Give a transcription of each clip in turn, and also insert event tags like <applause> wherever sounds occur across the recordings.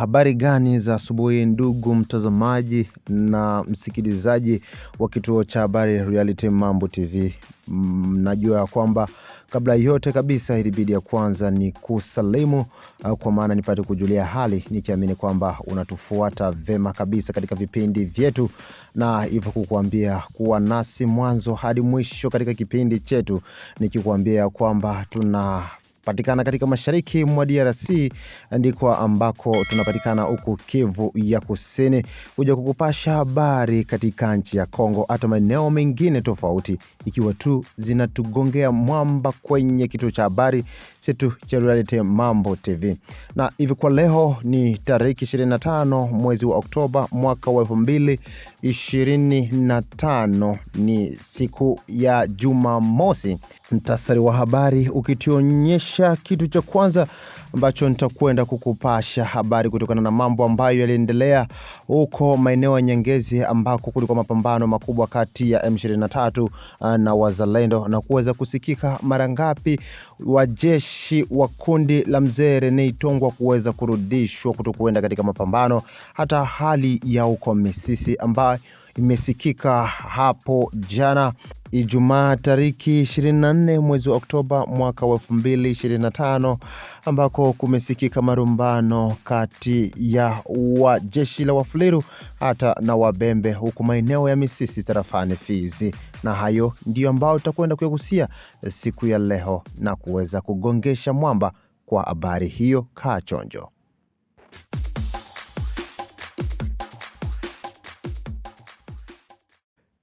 Habari gani za asubuhi, ndugu mtazamaji na msikilizaji wa kituo cha habari Reality Mambo TV. Mm, najua ya kwamba kabla yote kabisa ilibidi ya kwanza ni kusalimu au kwa maana nipate kujulia hali, nikiamini kwamba unatufuata vema kabisa katika vipindi vyetu, na hivyo kukuambia kuwa nasi mwanzo hadi mwisho katika kipindi chetu, nikikuambia kwamba tuna patikana katika mashariki mwa DRC ndiko ambako tunapatikana huku Kivu ya Kusini, kuja kukupasha habari katika nchi ya Kongo, hata maeneo mengine tofauti, ikiwa tu zinatugongea mwamba kwenye kituo cha habari chetu cha Reality Mambo TV. Na hivi kwa leo ni tariki 25 mwezi wa Oktoba mwaka wa elfu mbili 25 ni siku ya Jumamosi. Mtasari wa habari ukituonyesha kitu cha kwanza ambacho nitakwenda kukupasha habari kutokana na mambo ambayo yaliendelea huko maeneo ya Nyengezi ambako kulikuwa mapambano makubwa kati ya M23 uh, na Wazalendo na kuweza kusikika mara ngapi wajeshi wa kundi la mzee Rene Tongwa kuweza kurudishwa kutokuenda katika mapambano, hata hali ya huko Misisi ambayo imesikika hapo jana Ijumaa tariki 24 mwezi wa Oktoba mwaka wa 2025 ambako kumesikika marumbano kati ya wa jeshi la Wafuliru hata na Wabembe huku maeneo ya Misisi tarafani Fizi, na hayo ndiyo ambayo tutakwenda kuyagusia siku ya leo na kuweza kugongesha mwamba. Kwa habari hiyo, kaa chonjo.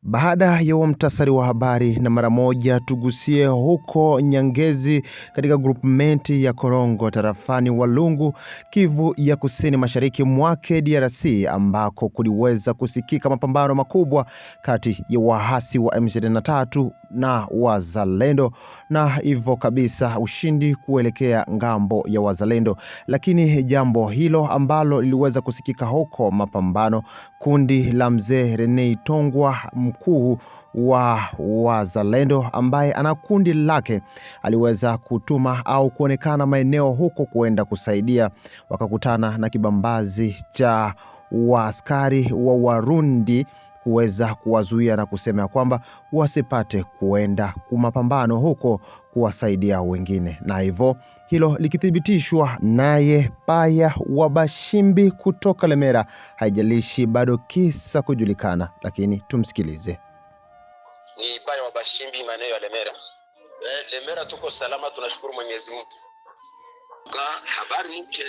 Baada ya huo mtasari wa habari, na mara moja tugusie huko Nyangezi katika grupmenti ya Korongo tarafani Walungu, Kivu ya kusini mashariki mwake DRC, ambako kuliweza kusikika mapambano makubwa kati ya waasi wa M23 na wazalendo, na hivyo kabisa ushindi kuelekea ngambo ya wazalendo. Lakini jambo hilo ambalo liliweza kusikika huko mapambano kundi la mzee Rene Tongwa, mkuu wa Wazalendo ambaye ana kundi lake, aliweza kutuma au kuonekana maeneo huko kuenda kusaidia, wakakutana na kibambazi cha waaskari wa Warundi kuweza kuwazuia na kusema ya kwamba wasipate kuenda kumapambano huko kuwasaidia wengine, na hivyo hilo likithibitishwa naye Paya wa Bashimbi kutoka Lemera. Haijalishi bado kisa kujulikana, lakini tumsikilize. Ni Paya wa Bashimbi, maeneo ya Lemera. E, Lemera tuko salama, tunashukuru Mwenyezi Mungu. Habari mpya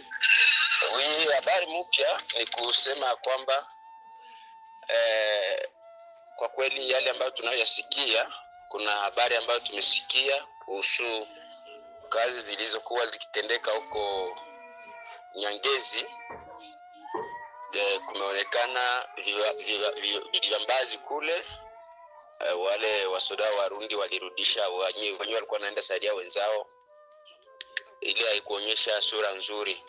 ni habari mpya ni kusema kwamba e, kwa kweli yale ambayo tunayoyasikia, kuna habari ambayo tumesikia kuhusu kazi zilizokuwa zikitendeka huko Nyangezi e, kumeonekana vijambazi kule e, wale wasoda Warundi walirudisha wenyewe walikuwa wanaenda saidia wenzao, ili haikuonyesha sura nzuri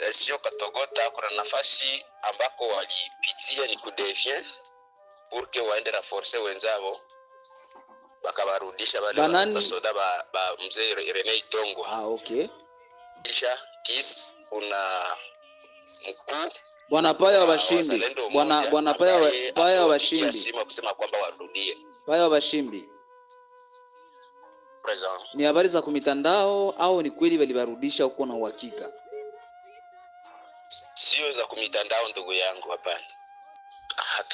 e, sio katogota. Kuna nafasi ambako walipitia ni kudefie purke waende na force wenzao bakabarundisha bale Banani... basoda ba, ba mzee Rene Itongo. Ah, okay. Kisha kis kuna mkuu Bwana Paya wa ah, Bashindi. Bwana Bwana Paya wa Paya wa Bashindi. Nasema kusema kwamba warudie. Paya wa Bashindi. Present. Ni habari za kumitandao au ni kweli walibarudisha huko na uhakika? Sio za kumitandao ndugu yangu hapana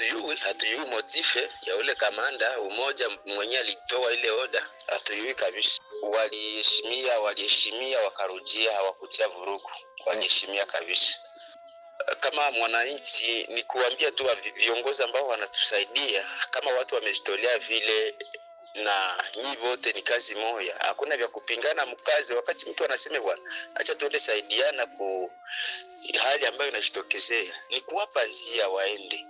hatuyui, hatuyui motife ya ule kamanda umoja mwenye alitoa ile oda, hatuyui kabisa. Waliheshimia, waliheshimia, wakarujia, hawakutia vurugu, waliheshimia kabisa. Kama mwananchi ni kuambia tu viongozi ambao wanatusaidia, kama watu wamejitolea vile na nyi wote ni kazi moja, hakuna vya kupingana mkazi. Wakati mtu anasema bwana, acha tuende saidiana ku hali ambayo inashitokezea, ni kuwapa njia waende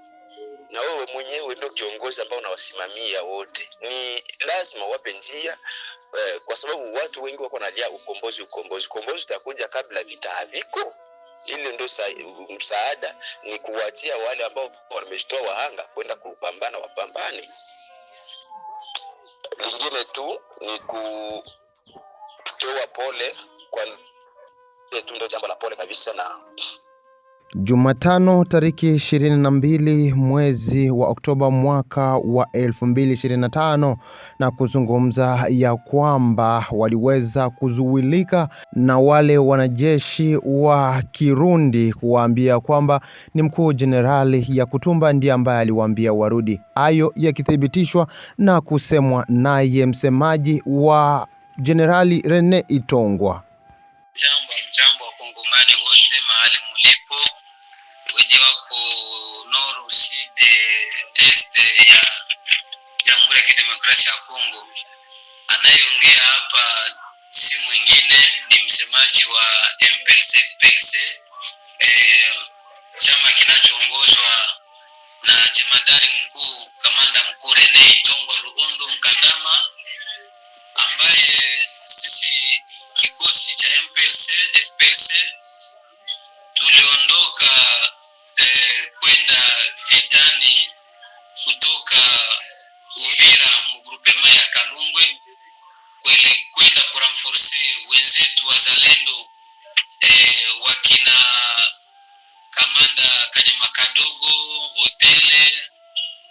na wewe mwenyewe ndio kiongozi ambao unawasimamia wote. Ni lazima wape njia eh, kwa sababu watu wengi wako nalia ukombozi, ukombozi, ukombozi utakuja kabla vita haviko. ndo sa, msaada, ni kuwatia wale ambao wameshtoa wahanga kwenda kupambana, wapambane. Lingine tu ni kutoa pole kwa eh, tu, ndo jambo la pole kabisa na Jumatano tariki 22 mwezi wa Oktoba mwaka wa 2025 na kuzungumza ya kwamba waliweza kuzuilika na wale wanajeshi wa Kirundi kuwaambia kwamba ni mkuu jenerali ya kutumba ndiye ambaye aliwaambia warudi. Hayo yakithibitishwa na kusemwa naye msemaji wa Jenerali Rene Itongwa. este ya Jamhuri ya Kidemokrasia ya Kongo. Anayeongea hapa si mwingine, ni msemaji wa MPLC FPLC, eh, chama kinachoongozwa na jemadari mkuu kamanda mkuu Rene Itongo Luondo Mkandama, ambaye sisi kikosi cha MPLC FPLC tuliondoka eh, kwenda vitani Uvira mugrupema ya Kalungwe kwenda kuramforce wenzetu wazalendo eh, wakina kamanda Kanyama Kadogo hotele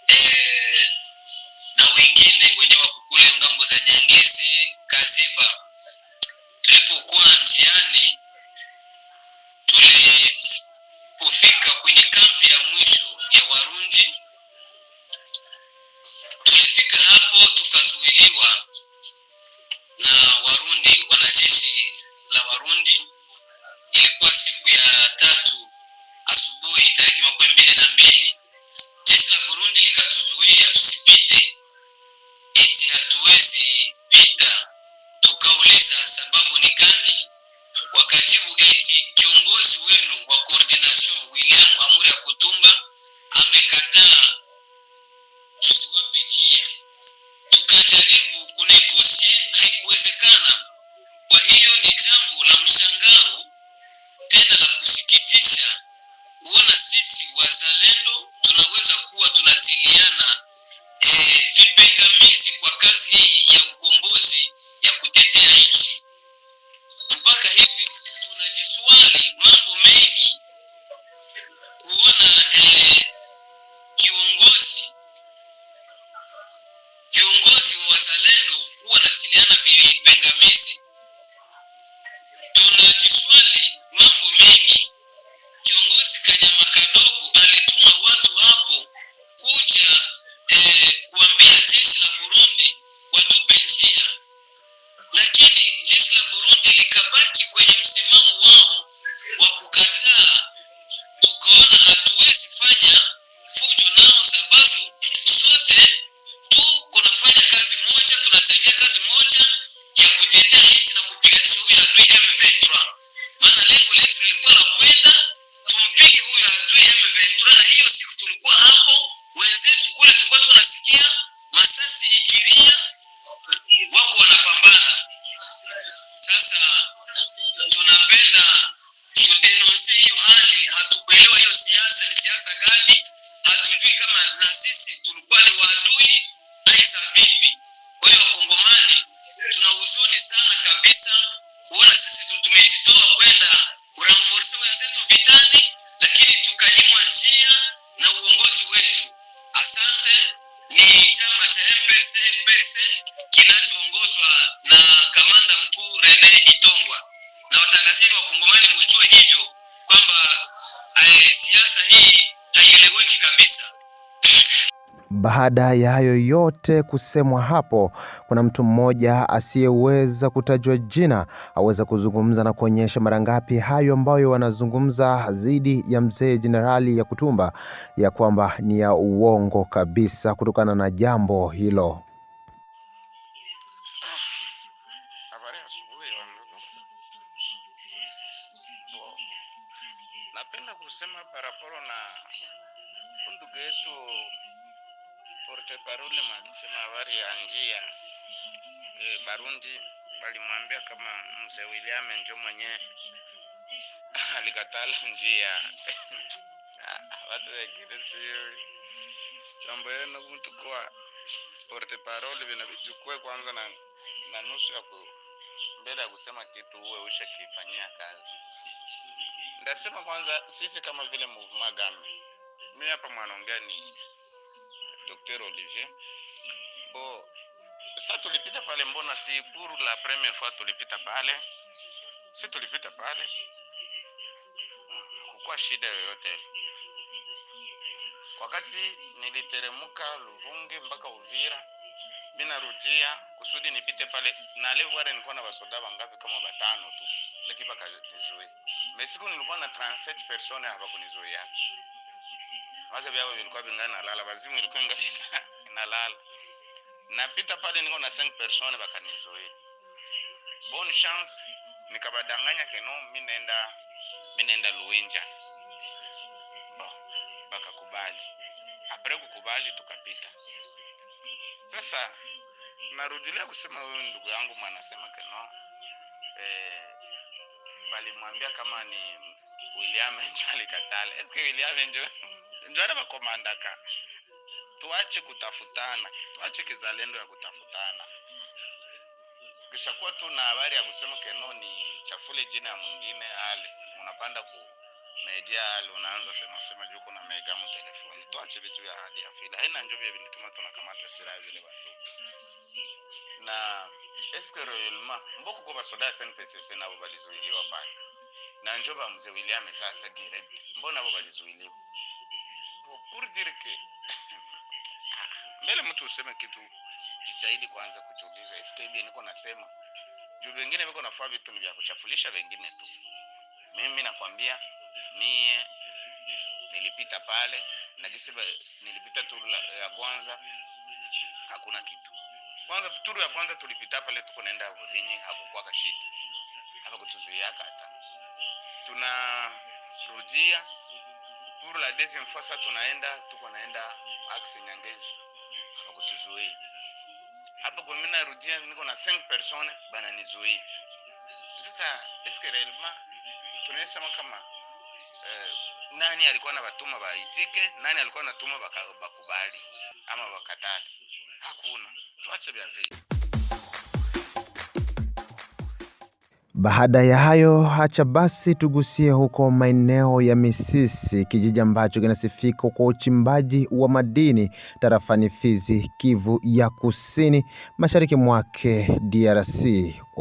eh, na wengine wenye wakukule ngambo za Nyangezi Kaziba. Tulipokuwa njiani, tulipofika kwenye kambi ya mwisho ya Warundi Tulifika hapo tukazuiliwa na Warundi, wanajeshi la Warundi. Ilikuwa siku ya tatu asubuhi, tarehe makumi mbili na mbili, jeshi la Burundi likatuzuia tusipite, eti hatuwezi pita. Tukauliza sababu ni gani, wakajibu eti tukajaribu kunegosie, haikuwezekana. Kwa hiyo ni jambo la mshangao tena la kusikitisha kuona sisi wazalendo tunaweza kuwa tunatiliana e, vipingamizi kwa kazi hii ya ukombozi ya kutetea nchi. Baada ya hayo yote kusemwa hapo, kuna mtu mmoja asiyeweza kutajwa jina aweza kuzungumza na kuonyesha mara ngapi hayo ambayo wanazungumza dhidi ya mzee jenerali Yakutumba ya kwamba ni ya uongo kabisa, kutokana na jambo hilo. <laughs> alikatala la njia vatavekele <laughs> siyo chambo yenu kumtukua porte parole vinavichukue kwanza na, na nusu ya mbele ya kusema kitu uwe usha kifanyia kazi. Ndasema kwanza sisi kama vile Mouvement Game, mimi hapa mwanaongea ni Dr. Olivier bo sa tulipita pale, mbona si pour la première fois tulipita pale si tulipita pale, kukuwa shida yoyote ile. Wakati niliteremka Luvungi mpaka Uvira, mimi narudia kusudi nipite pale na leo wale nilikuwa na wasoda wangapi? Kama batano tu, lakini bakanizuia. Mesiku nilikuwa na 37 persone hapa kunizuia wake vyao vilikuwa vingana nalala, wazimu ilikuwa ingali <laughs> nalala. Napita pale niko na 5 persone bakanizuia. Bonne chance nikabadanganya keno minenda minenda Luinja bo bakakubali apre kukubali tukapita sasa narudilia kusema huyu ndugu yangu mwanasema keno eh, balimwambia kama ni William Enjo <laughs> alikatala. Eske William Enjo ndio anabakomandaka? Tuache kutafutana, tuache kizalendo ya kutafutana kishakuwa tu na habari ya kusema keno ni chafule jina ya mwingine ale, unapanda ku media ale, unaanza sema sema juu kuna mega mu telefoni. Tuache vitu vya hali ya fila, haina njoo vile vinituma tunakamata sira vile bandugu na eskero yulma mboko kwa basoda SNPCC abo balizuiliwa pale na njoo ba mzee William sasa direct, mbona abo balizuiliwa pour dire que <laughs> ah, mbele mtu useme kitu jitahidi kuanza kujiuliza STB niko nasema juu, vingine viko nafaa vitu vya kuchafulisha vingine tu. Mimi nakwambia mie nilipita pale na jinsi nilipita turu ya kwanza, hakuna kitu. Kwanza turu ya kwanza tulipita pale, tuko naenda Budinyi, hakukua kashida hapa kutuzuia kata. Tuna rudia turu la deuxième fois. Sasa tunaenda tuko naenda aksi Nyangezi hapa kutuzuia hapa kwa mimi narudia, niko na 5 persone bananizuia. Sasa eske realma tunasema kama eh, nani alikuwa na batuma baitike, nani alikuwa natuma bakubali ama bakatale? Hakuna, tuache bia vile. Baada ya hayo, hacha basi tugusie huko maeneo ya Misisi, kijiji ambacho kinasifika kwa uchimbaji wa madini tarafani Fizi, Kivu ya Kusini, mashariki mwake DRC,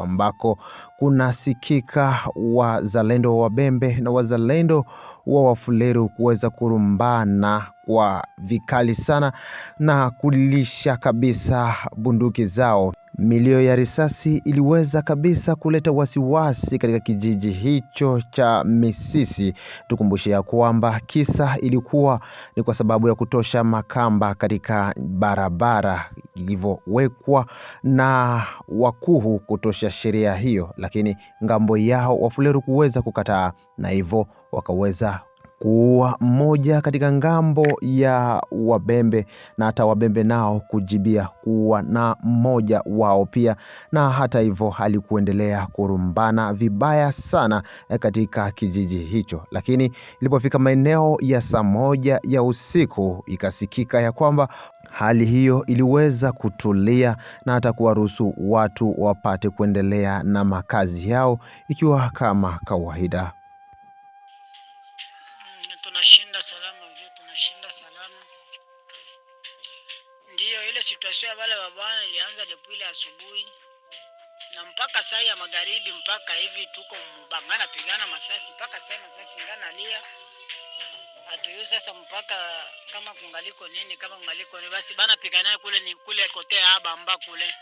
ambako kunasikika wazalendo wa Wabembe na wazalendo wa Wafuleru kuweza kurumbana kwa vikali sana na kulisha kabisa bunduki zao. Milio ya risasi iliweza kabisa kuleta wasiwasi katika kijiji hicho cha Misisi. Tukumbushe ya kwamba kisa ilikuwa ni kwa sababu ya kutosha makamba katika barabara ilivyowekwa na Wakuhu kutosha sheria hiyo, lakini ngambo yao Wafuleru kuweza kukataa na hivyo wakaweza kuua mmoja katika ngambo ya Wabembe na hata Wabembe nao kujibia kuwa na mmoja wao pia, na hata hivyo alikuendelea kurumbana vibaya sana eh, katika kijiji hicho. Lakini ilipofika maeneo ya saa moja ya usiku ikasikika ya kwamba hali hiyo iliweza kutulia na hata kuwaruhusu watu wapate kuendelea na makazi yao ikiwa kama kawaida tunashinda salama vyo, tunashinda salama. ndio. ile situation ya wale wa bwana ilianza depuis ile asubuhi na mpaka saa ya magharibi, mpaka hivi tuko mbangana pigana masasi mpaka saa masasi ngana lia atuyu sasa, mpaka kama kungaliko nini, kama kungaliko ni basi bana piganaye kule ni kule kotea mba kule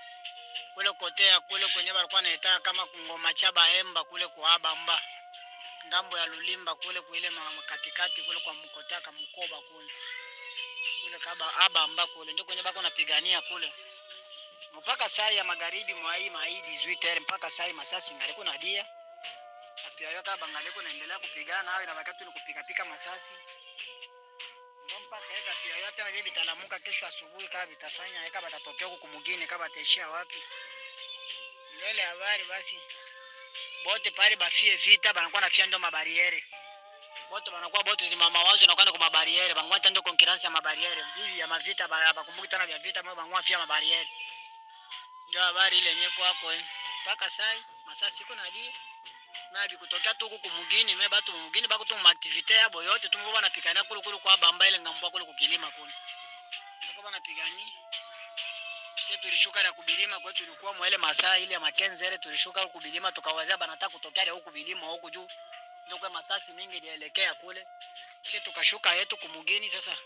kule kotea kule kwenye balikuwa naitaka kama kungoma chaba emba kule kwa kuabamba ngambo ya Lulimba kule kuile katikati kule kwa Mkotaka Mkoba kule kule kaba aba ambako kule ndio kwenye bako napigania kule mpaka saa ya magharibi mwa hii maidi zwitere mpaka saa masasi ngalikuwa dia atu yayo kaba ngalikuwa naendelea kupigana na wakati ni kupiga pika masasi ndio mpaka hivi atu yayo tena bibi talamuka kesho asubuhi kaba bitafanya kaba tatokea huko kumugine kaba taishia wapi ndio ile habari basi bote pale bafie vita banakuwa nafia ndo mabariere bote banakuwa bote ni mawazo nakwenda kwa mabariere banakuwa tando konkurence ya mabariere hivi ya mavita bakumbuki tena vya vita banakuwa fia mabariere ndio habari ile yenyewe kwako eh. mpaka sai masaa siku nadi mabi kutokea tu huku kumugini me batu mugini bako tu maaktivite yabo yote tumu banapigania kule kule kwa bamba ile ngambwa kule kukilima kule ndio banapigania sisi tulishuka na kubilima kwa tulikuwa mwele masaa ile ya makenzi ile tulishuka huko bilima tukawazia banataka kutokea huko bilima huko juu ndio kwa masasi mingi ilielekea kule Sisi tukashuka yetu kumugini sasa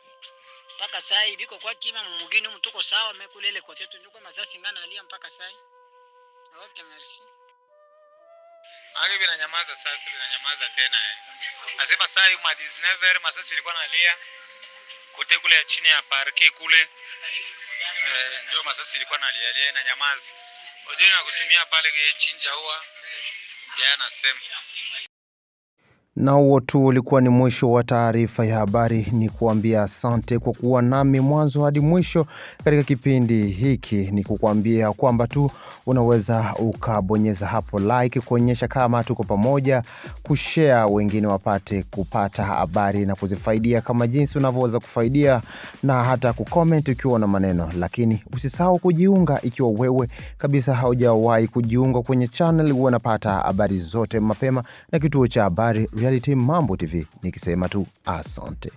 mpaka saa hii biko kwa kima mumugini huko tuko sawa kule ile kote tu ndio kwa masasi ngana alia mpaka saa hii okay merci Ake bina nyamaza sasa, bina nyamaza tena eh. Asema saa hii ma 19 masasi ilikuwa nalia kote kule ya chini ya parke kule Eh, ndio masasi ilikuwa nalialia na nyamazi ujuri na kutumia pale chinja huwa anasema na huo tu ulikuwa ni mwisho wa taarifa ya habari. Ni kuambia asante kwa kuwa nami mwanzo hadi mwisho katika kipindi hiki, ni kukuambia kwamba tu unaweza ukabonyeza hapo like kuonyesha kama tuko pamoja, kushare wengine wapate kupata habari na kuzifaidia kama jinsi unavyoweza kufaidia, na hata kucomment ukiwa na maneno. Lakini usisahau kujiunga ikiwa wewe kabisa haujawahi kujiunga kwenye channel, huwa unapata habari zote mapema na kituo cha habari Reality Mambo TV, nikisema tu asante.